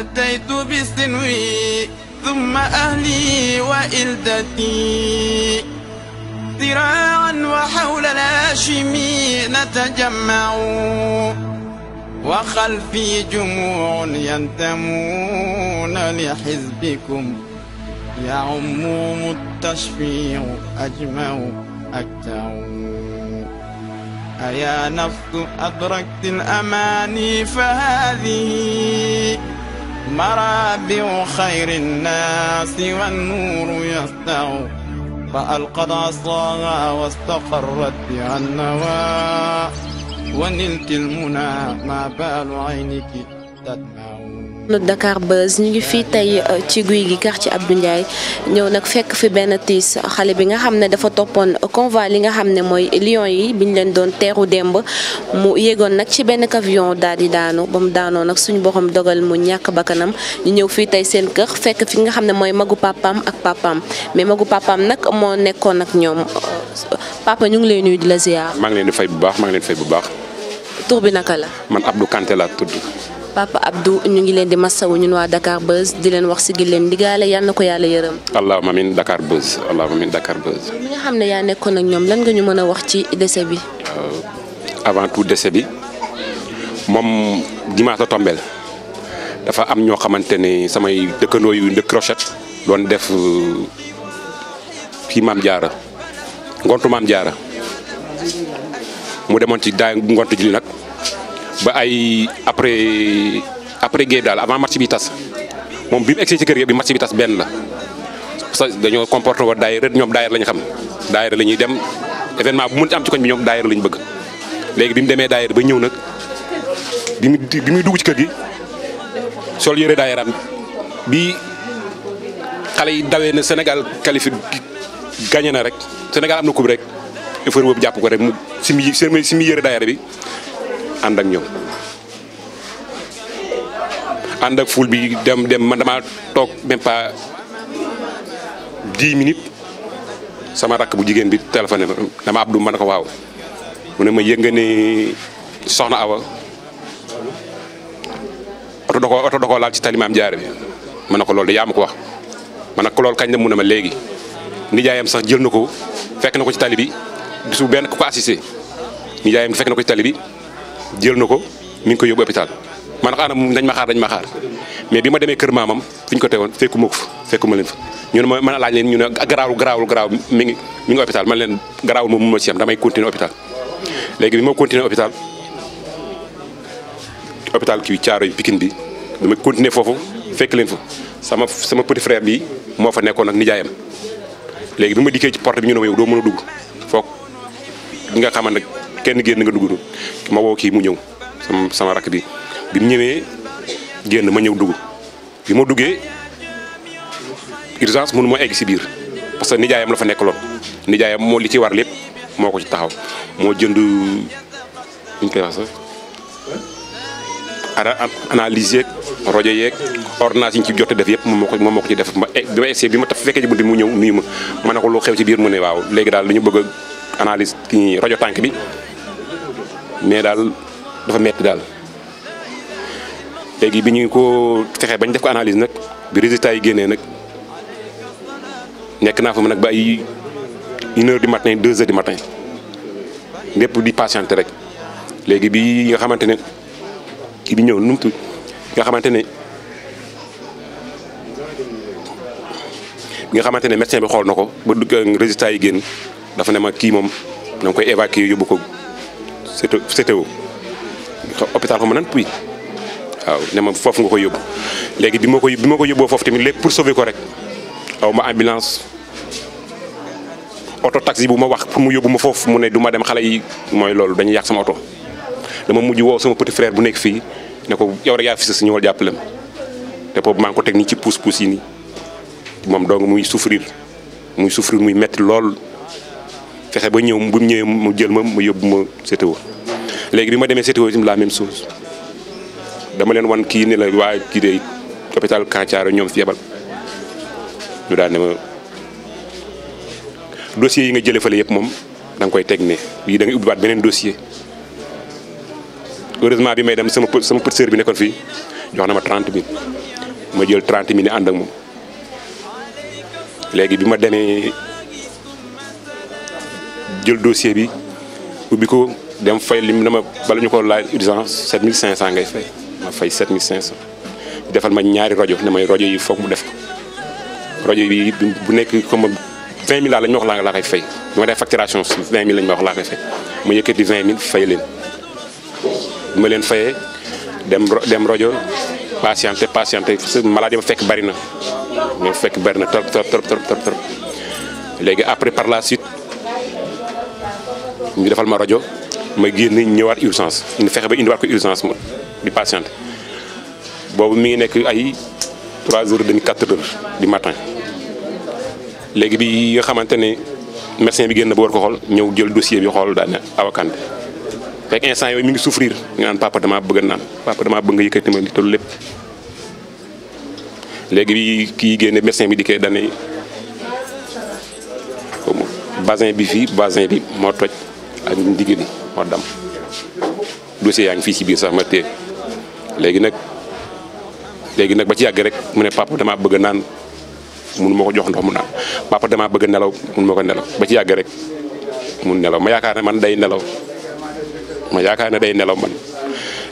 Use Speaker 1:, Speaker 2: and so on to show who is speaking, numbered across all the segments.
Speaker 1: أتيت بسنوي ثم أهلي وإلدتي ذراعا وحول الهاشمي نتجمع وخلفي جموع ينتمون لحزبكم يعمهم التشفيع أجمع أكتعون أيا نفس أدركت الأماني فهذه مرابع خير الناس والنور يسطع فألقد عصاها واستقرت بها النوى ونلت المنى ما بال عينك تدمع
Speaker 2: Dakar Buzz ñu ngi fii tey euh, ci guy gi ci ab Abdou Ndiaye ñëw nag fekk fi benn tiis xale bi nga xam ne dafa toppoon convoi li nga xam ne mooy lion yi bi ñu leen doon teeru demb mu yéegoon nag ci benn avion daal di daanu ba mu daanoo nag suñu borom dogal mu ñàkk bakkanam ñu ñëw fii tey seen kër fekk fi nga xam ne mooy magu papaam ak papaam mais magu papaam nag moo nekkoon nag ñoom papa ñu ngi lay nuyu di la ziar.
Speaker 3: maa ngi leen di fay bu baax maa ngi leen bu baax. tur bi naka la. man Abdou Kanté laa tudd.
Speaker 2: Papa Abdou ñu ngi leen di masawu ñun waa Dakar Buzz di leen wax si gileen leen ndigaale yal na ko yàlla yërëm.
Speaker 3: allahumma amiin Dakar Buzz Dakar Buzz. ñi
Speaker 2: nga xam ne yaa nekkoon ak ñoom lan nga ñu mën a wax ci décès bi. Euh,
Speaker 3: avant tout décès bi moom dimanche la tombeel dafa am ñoo xamante ne samay dëkkandoo yu ndëkk Rochette doon def kii euh, maam jaara ngontu maam jaara mu demoon ci daay ngontu ji nag. ba ay après après géej daal avant match bi tas moom bi mu egsi ci kër gi bi match bi tas benn la sa dañoo comporté wa daayira ñoom daayira lañ xam daayira la ñuy dem événement bu mën ci am ci koñ bi ñoom daayira lañ bëgg léegi bi mu demee daayira ba ñëw nag bi mu bi muy dugg ci kër gi sol yëre daayiraam bi xale yi dawee na Sénégal qualifié gagné na rek Sénégal am na coupe rek affaire boobu jàpp ko rek mu si si muy yëre daayira bi ànd ak ñoom ànd ful bi dem dem man damaa toog même pas dix minutes sama rakk bu jigéen bi téléphoné ma dama Abdou man ko waaw mu ne ma yëg nga ne soxna Awa oto da laal ci talimaam jaare bi ma ne ko loolu de yaa ma ko wax ma ne kañ la mun ne ma léegi nijaayam sax jël na ko fekk na ko ci tali bi gisul benn ku ko assisté nijaayam fekk na ko ci tali bi. jël na ko mi ngi ko yóbbu hôpital man xaana moom dañ ma xaar dañ ma xaar mais bi ma demee kër maamam fi ñu ko teewoon fekku ma ko fa fekku ma leen fa ñu ne ma mën a ñu ne garaawul garaawul garaaw mi ngi mi ngi hôpital man leen garaawul moom mun ma damay continuer hôpital léegi bi ma continuer hôpital hôpital caaro Thiaroye Pikine bi dama continuer foofu fekk leen fa sama sama petit frère bi moo fa nekkoon ak nijaayam léegi bi ma dikkee ci porte bi ñu ne ma doo mën a dugg foog nga xaman nag kenn génn nga dugg ma woo kii mu ñëw sama sama rakk bi bi mu ñëwee génn ma ñëw dugg bi ma duggee urgence mun ma egg si biir parce que nijaayam la fa nekk lool nijaayam moo li ci war lépp moo ko ci taxaw moo jënd ñu koy wax sax ana analyse yeeg rajo yeeg ordonnance yi ñu ci jot def yëpp moom moo moo ko ci def ma e, bi ma essayé bi ma fekkee ci bunt ñëw nuyu loo xew ci biir mu ne waaw léegi daal li ñu bëgg a analyse kii rajo tànk bi mais daal dafa metti daal léegi bi ñu ko fexee bañ def ko analyse nag bi résultat yi génnee nag nekk naa fa mu nag ba ay une heure du matin deux heures du matin lépp di patienter rek léegi bi nga xamante ne kii bi ñëw numtu nga xamante ne nga xamante ne médecin bi xool na ko ba dugg résultat yi génn dafa ne ma kii moom danga koy évacuer yóbbu ko CTO hôpital xam ma nan puy waaw ne ma foofu nga ko yóbbu léegi bi ma ko bi ma ko yóbboo foofu tamit lépp pour sauver ko rek aw ma ambulance oto taxi bu ma wax pour mu yóbbu ma foofu mu ne duma dem xale yi mooy lool dañu yàq sama oto dama mujj woo sama petit frère bu nekk fii ne ko yow rek yaa fi si ñëwal jàppale ma te boobu maa ngi ko teg nii ci pousse pousse yi nii moom dong muy souffrir muy souffrir muy metti lool. fexe ba ñëw bu mu ñëwee mu jël ma mu yóbbu ma CTO léegi bi ma demee CTO itam la même chose dama leen wan kii ne la waa kii de hôpital Kancaaro ñoom fi yebal ñu daal ne ma dossier yi nga jëlee fële yëpp moom da koy teg ne yii da ngay ubbiwaat beneen dossier heureusement bi may dem sama sama pëtësër bi nekkoon fii jox na ma trent 000 ma jël 30 000 ànd ak moom léegi bi ma demee. jël dossier bi ubbi ko dem fay lim dama bala ñu ko laaj urgence 7500 ngay fay ma fay 7500. defal ma ñaari rajo ne may rajo yi foog mu def ko rajo yi bu nekk comme 20000 daal la ñu wax laa koy fay bi ma def facturation 20000 la ñu wax laa koy fay ma yëkkati 20000 fay leen. bu ma leen fayee dem dem rajo patienté patienté parce que maladie ma fekk bari na ma fekk bari na trop trop trop trop trop léegi après par la suite. ñu defal ma rajo ma génn ñëwaat urgence ñu fexe ba indiwaat ko urgence ma di patiente boobu mi ngi nekk ay 3 heures demi 4 heures du matin léegi bi nga xamante ne médecin bi génn ba war ko xool ñëw jël dossier bi xool daal ne avocat bi fekk instant yooyu mi ngi souffrir nga naan papa damaa bëgg naan papa damaa bëgg nga yëkkati ma li tollu lépp. léegi bi kii génne médecin bi di kee daal basin bi fii basin bi moo toj. ak ndigali Mawadam dossier yaa ngi fii ci biir sax ma téye léegi nag léegi nag ba ci yàgg rek mu ne papa damaa bëgg naan mun ma ko jox ndox mu naan papa damaa bëgg nelaw mun ma ko nelaw ba ci yàgg rek mun nelaw ma yaakaar ne man day nelaw ma yaakaar ne day nelaw man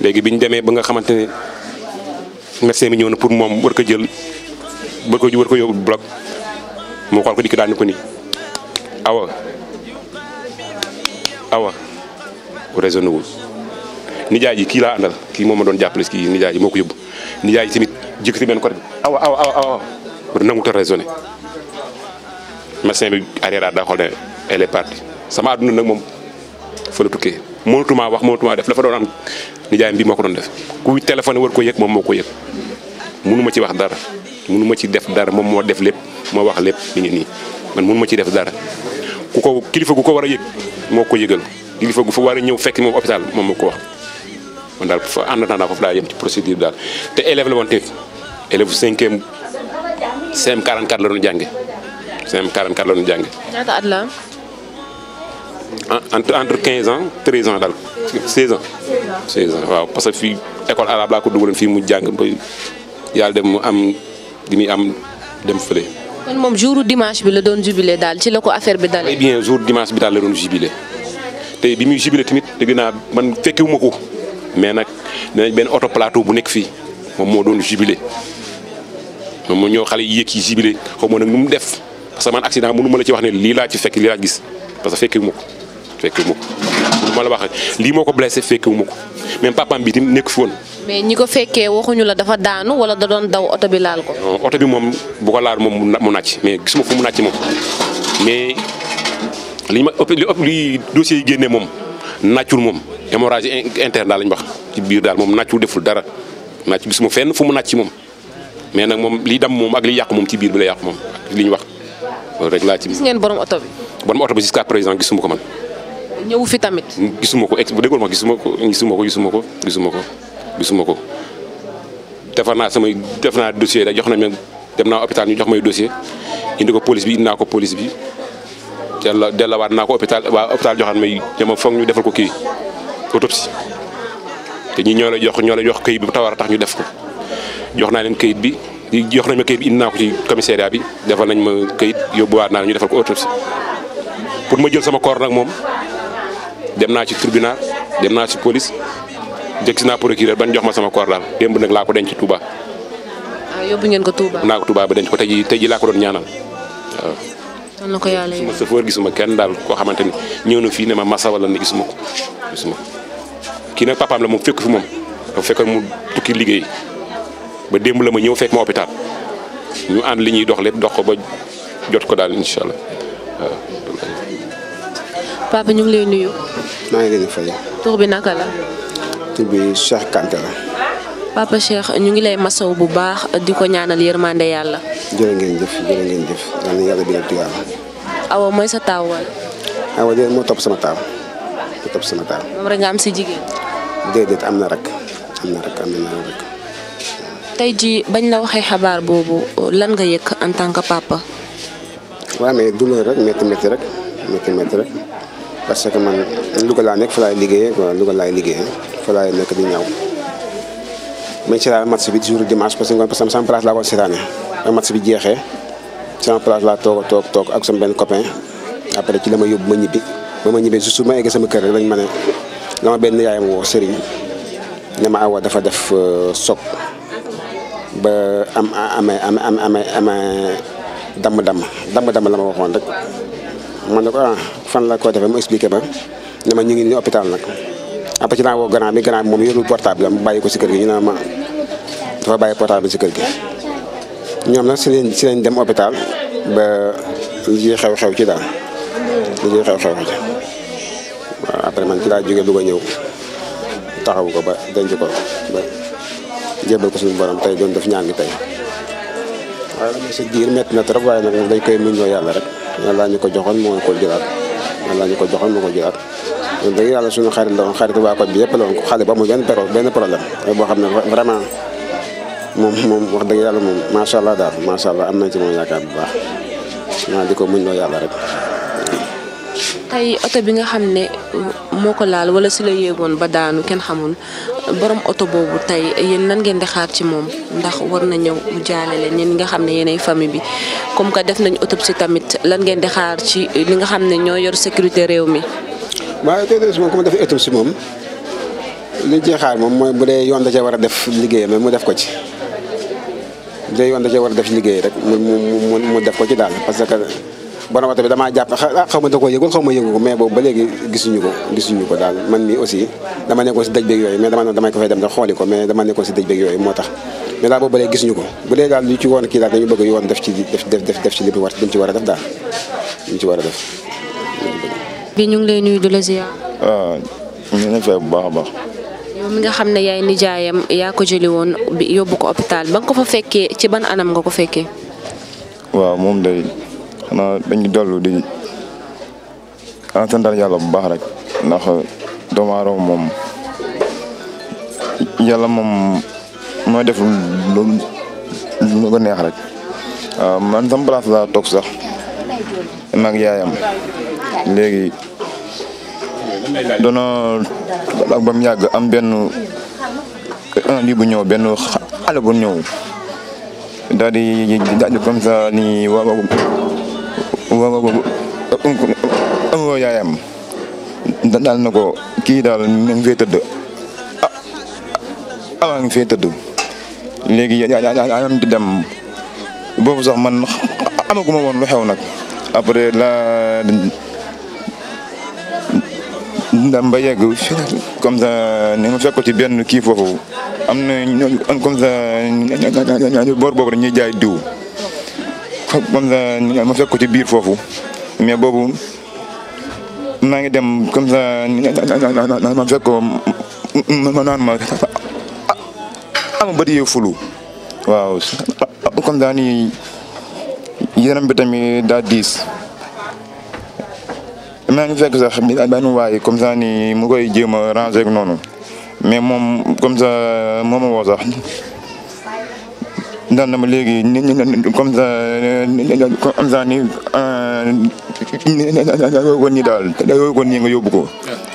Speaker 3: léegi bi demee ba nga xamante ne médecin bi ñëw na pour moom war ko jël war ko war ko yóbbu bloc mu xool ko dikk daal ni ko ni awa awa raisonné wul nijaay ji kii laa àndal kii moo ma doon jàppale kii nijaay ji moo ko yóbbu nijaay ji tamit jëkkati benn ko bi awa awa awa awa nangu ta raisonné médecin bi arrière daa xool ne elle est sama àdduna nag moom fa la tukkee wax mënatuma def dafa doon am nijaayam bi moo ko doon def ku téléphone war ko yëg moom moo ko yëg mënu ma ci wax dara mënu ma ci def dara moom moo def lépp moo wax lépp mi nii man mënu ma ci def dara ku kilifa gu ko war a yëg moo ko yëgal kilifa gu fa war ñëw fekk moom hôpital moom moo ko wax man daal fa ànd naa foofu daa procédure daal te élève la woon tamit élève cinquième CM 44 la doon jànge CM la doon jànge. entre entre 15 ans 13 ans daal 16 ans. 16 ans waaw parce que fi école arabe laa ko dugaloon fii mu jàng ba yàlla dem mu am dem fële.
Speaker 2: kon moom jour dimanche bi la doon jubilé daal ci la ko affaire bi dalee.
Speaker 3: Eh bien jour dimanche bi daal la doon jubilé te bi muy jubilé tamit dégg naa man fekkewu ma ko mais nag benn oto plateau bu nekk fii moom moo doon jubilé moom moo ñëw xale yi yéeg yi jubilé xaw ma mu def parce que man accident mënu ma la ci wax ne lii laa ci fekk lii gis parce que fekkewu ko. ma la wax rek lii moo ko blessé fekkewu ma ko même papaam bi itam nekk fi woon.
Speaker 2: mais ñi ko fekkee waxuñu la dafa daanu wala da doon daw oto bi laal ko.
Speaker 3: non oto bi moom bu ko laal moom mu nàcc mais gisuma fu mu nàcc moom mais li ma ëpp li ëpp li dossier yi moom nàccul moom hémorragie interne daal lañ wax ci biir daal moom nàccul deful dara nàcc gisuma fenn fu mu nàcc moom mais nag moom li dam moom ak li yàq moom ci biir bi la yàq moom li ñu wax. loolu rek laa ci. gis
Speaker 2: ngeen borom oto bi.
Speaker 3: borom oto bi ko man.
Speaker 2: ñëw fi tamit.
Speaker 3: gisuma ko ex bu déggoon ma gisuma ko gisuma ko gisuma ko gisuma ko gisuma ko defar naa samay def naa dossier rek jox na ma dem naa hôpital ñu jox may dossier indi ko police bi indi naa ko police bi delloo delloowaat naa ko hôpital waa hôpital joxaan may dama foog ñu defal ko kii autopsie te ñi ñoo la jox ñoo la jox këyit bi bu tawar a tax ñu def ko jox naa leen kayit bi jox nañ ma këyit bi indi naa ko ci commissariat bi defal nañ ma këyit yóbbuwaat naa ñu defal ko autopsie pour ma jël sama koor nag moom dem naa ci tribunal dem naa ci police jekki si naa procureur ban jox ma sama corps daal démb nag laa ko denc Touba.
Speaker 2: ah yóbbu ngeen ko Touba.
Speaker 3: naa ko Touba ba denc ko tey jii tey jii laa ko doon ñaanal waaw.
Speaker 2: kon na ko yàlla gisuma
Speaker 3: sëfoor gisuma kenn daal koo xamante ni ñëw na fii ne ma masa wala ne gisuma ko gisuma ko kii nag papaam la moom fekk fi moom dafa fekkoon mu tukki liggéey ba démb la ma ñëw fekk ma hôpital ñu ànd li ñuy dox lépp dox ko ba jot ko daal incha allah
Speaker 2: papa ñu ngi lay nuyu. maa ngi leen di fay. bi naka la.
Speaker 4: tur bi Cheikh Kanté la.
Speaker 2: papa Cheikh ñu ngi lay masaw bu baax di ko ñaanal yërmande yàlla.
Speaker 4: jërë ngeen jëf jërë ngeen jëf yal yàlla bi tuyaaba.
Speaker 2: awa mooy sa taaw wala.
Speaker 4: awa de moo topp sama taaw moo topp sama moom
Speaker 2: rek nga am si jigéen.
Speaker 4: déedéet am na rak am na rak am na
Speaker 2: tey jii bañ la waxee xabaar boobu lan nga yëg en tant que papa.
Speaker 4: waaw mais douleur rek métti métti rek métti métti rek. parce que man Louga laa nekk fa laay liggéeyee quoi Louga laay liggéeyee nekk di ñaw may seetaan match bi toujours dimanche parce que ngoon parce que sama place laa ko seetaanee ak match bi jeexee sama place laa toog toog toog ak sama benn copain après ci la ma yóbbu ma ñibbi ba ma ñibbee juste ma eggee sama kër rek lañ ma ne la ma benn yaayam woo Serigne ne ma awa dafa def soog ba am damb am am am waxoon rek fan laa ko defee mu expliqué ma ne ma ñu ngi nii hôpital nag après ci laa woo grand bi grand bi moom yorul portable am bàyyi ko si kër gi ñu ne ma bàyyi portable bi si kër gi ñoom nag si lañ dem hôpital ba li xew-xew ci daal li xew-xew ci waaw après man ci laa jógee Louga ñëw taxawu ko ba denc ko ba jébbal ko suñu borom tey doon def ñaan gi tey. waaye nag na trop yàlla rek yàlla ñu ko joxoon moo ko jëlaat. man laa ñu ko joxoon ma ko jëlaat loolu dëgg yàlla suñu xarit la woon xaritu waa koñ bi yëpp la woon xale bu amul benn benn problème boo xam ne vraiment moom moom wax dëgg yàlla moom macha allah daal macha allah am nañ ci moom yaakaar bu baax naa di ko muñ loo yàlla rek
Speaker 2: tey oto bi nga xam ne moo ko laal wala si la yéegoon ba daanu kenn xamul borom oto boobu tey yéen nan ngeen di xaar ci moom ndax war na ñëw mu jaale leen yéen nga xam ne yéenay famille bi comme que def nañ autopsie tamit lan di xaar ci li nga ne ñoo yor sécurité réew mi.
Speaker 4: waaw autopsie moom comme def autopsie moom liñ ciy xaar moom mooy bu dee yoon da cee war a def liggéeyam mu def ko ci. bu yoon da cee war a def liggéey rek mu mu mu def ko ci daal parce que. borom oto bi damaa jàpp xaw ma da koo yëgul xaw ma ko mais boobu ba léegi gisuñu ko gisuñu ko daal man mi aussi dama nekkoon si dëj beeg yooyu mais dama ne damay ko fay ko mais dama nekkoon si dëj beeg yooyu moo ko bu dee daal lu ci woon kii war a def daal
Speaker 2: ñu ngi lay nuyu di la ziar.
Speaker 5: waaw ah, ñu ne fay bu baax a
Speaker 2: mi nga xam ne yaay nijaayam yaa ko jëli woon yóbbu ko hôpital ba nga ko fa fekkee ci ban anam nga ko fekkee.
Speaker 5: waaw moom day xanaa dañu dellu di santal yàlla bu baax rek ndax doomu moom yàlla moom mooy def lu lu ko neex rek waaw man sama place laa toog sax mag yaayam léegi doona ak ba mu am benn lii bu ñëw benn xale bu ñëw daal di daal di comme ça ni wa waaw waaw yaayam daal na ko kii daal mi ngi fee tëdd ah awa ngi fee tëdd léegi yaayam di dem sax man amaguma woon lu xew nag après la ndam ba yegg comme ça ni ma fekk ci benn kii foofu am na ñooñu comme ça ñooñu boor boobu dañuy jaay diw. moom la ma fekk ci biir foofu mais boobu maa ngi dem comme ça ma fekk ko ma naan ma ama ah, bëri yee fulu waaw comme ça ni yaram bi tamit daa diis maa ngi fekk sax benn waay comme ça ni mu koy jéem a ranger noonu mais moom comme ça moo woo sax daan na ma léegi comme ça comme ça nii woon ñi daal woon ñi nga yóbbu ko.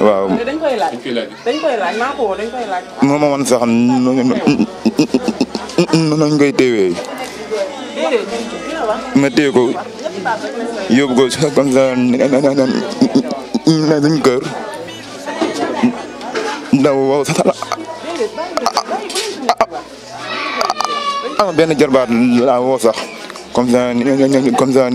Speaker 5: waaw
Speaker 6: dañ koy laaj
Speaker 4: dañ koy laaj maa ko woo dañ koy laaj.
Speaker 5: moo ma wan sax noonu koy teewee. ma téye ko yóbbu ko comme ça na duñ kër ndaw waaw sax ama benn jarbaat laa woo sax comme ça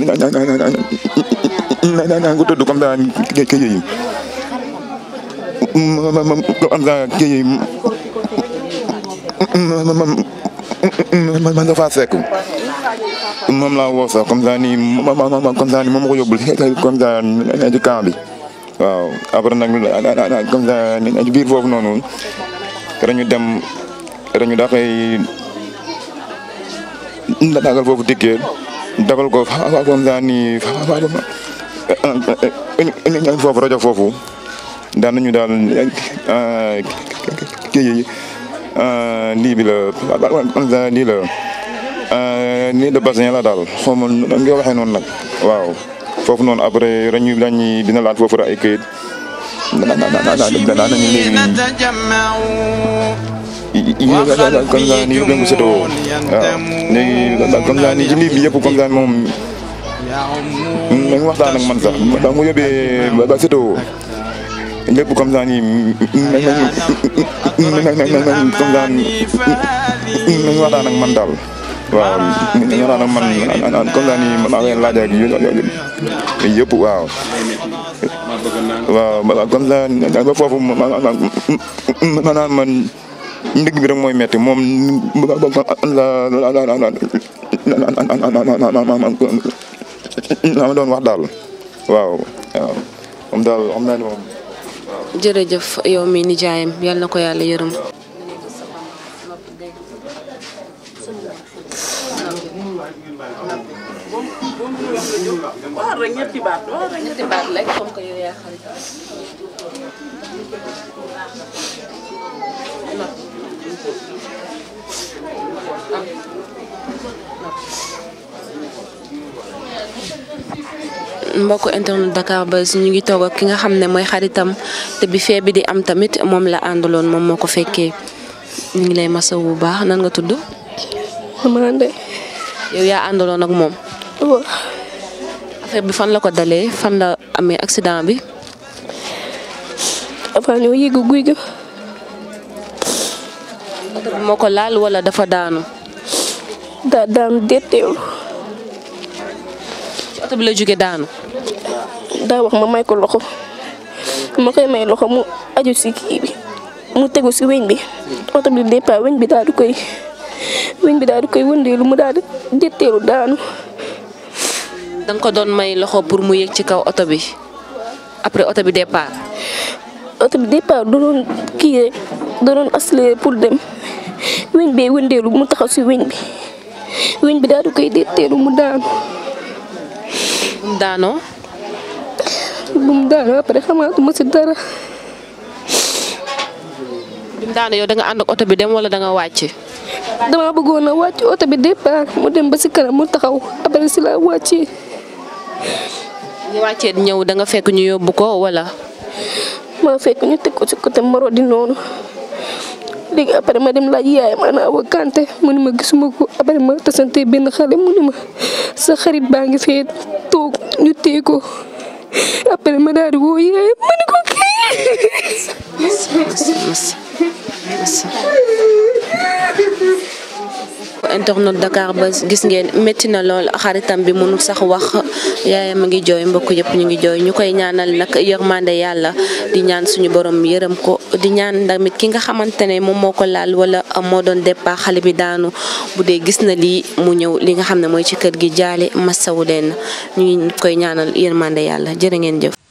Speaker 5: comme moom laa woo comme ça nii comme ça waaw après nag comme ça biir foofu noonu dañu dem dañu dafay la dagal foofu dikkee dagal ko faa comme ça nii foofu rajo foofu daan nañu daal kii lii bi la comme ça nii de bassin la daal xaw ma nga waxee noonu nag waaw foofu noonu après rañu dañuy dina laat ay këyit.
Speaker 1: comme ça ko séddoo waaw
Speaker 5: léegi comme ça nii ci mbir mi yëpp comme ça moom nañ waxtaan ak man sax ba mu yóbbee ba séddoo lépp comme ça nii nañ nañ waxtaan ak man daal. waaw ñu naan man comme daal ni ma koy laaj ak yëpp waaw. ma ma naan man. ndigg bi mooy metti moom ma doon wax daal waaw moom daal xam naa ne moom.
Speaker 2: jërëjëf yow mi nijaayam yal na ko yàlla yërëm. mbokk internet Dakar Buzz ñu ngi toog ki nga xam ne mooy xaritam te bi fee bi di am tamit moom la àndaloon moom moo ko fekkee ñu ngi lay masawu bu baax nan nga tudd. Amandé. yow yaa àndaloon ak moom. affaire bi fan la ko dalee fan la amee accident bi. avant ñoo yëg guy ga. oto bi moo ko laal wala dafa daanu.
Speaker 6: da daanu déetew. ci oto bi la jóge daanu. daa wax ma may ko loxo ma koy may loxo mu aju si kii bi mu tegu si weñ bi oto bi départ weñ bi daal di koy weñ bi daal di koy wëndeelu mu daal di déeteelu daanu.
Speaker 2: da ko doon may loxo pour
Speaker 6: mu yëg ci kaw oto bi après oto bi départ. oto du doon kii da doon pour dem weñ bee wëndeelu mu taxaw si weñ bi weñ bi daal di koy déetteelu mu daanu. bu mu daanoo. bu mu daanoo après si dara. bi ànd ak oto bi dem wala danga nga wàcc. dama bëggoon a wàcc oto bi départ mu dem ba si kanam mu taxaw après si la wàccee. ñu wàccee ñëw da fekk ñu yóbbu ko wala. maa fekk ñu teg ko ci côté Marodi noonu. léegi après ma dem laaj yaayam ana Awa Kanté mu ne ma gisuma ko après ma tasante benn xale mu ne ma sa xarit baa ngi fee toog ñu téye ko après ma daal woo yaayam ma ne ko kii. mbokk
Speaker 2: internet Dakar ba gis ngeen métti na lool xaritam bi mënul sax wax yaayam a ngi jooy mbokk yëpp ñu ngi jooy ñu koy ñaanal nag yërmande yàlla di ñaan suñu borom yërëm ko di ñaan tamit ki nga xamante ne moom moo ko laal wala moo doon départ xale bi daanu bu dee gis na lii mu ñëw li nga xam ne mooy ci kër gi jaale masawu leen ñu ngi koy ñaanal yërmande yàlla jërë ngeen jëf.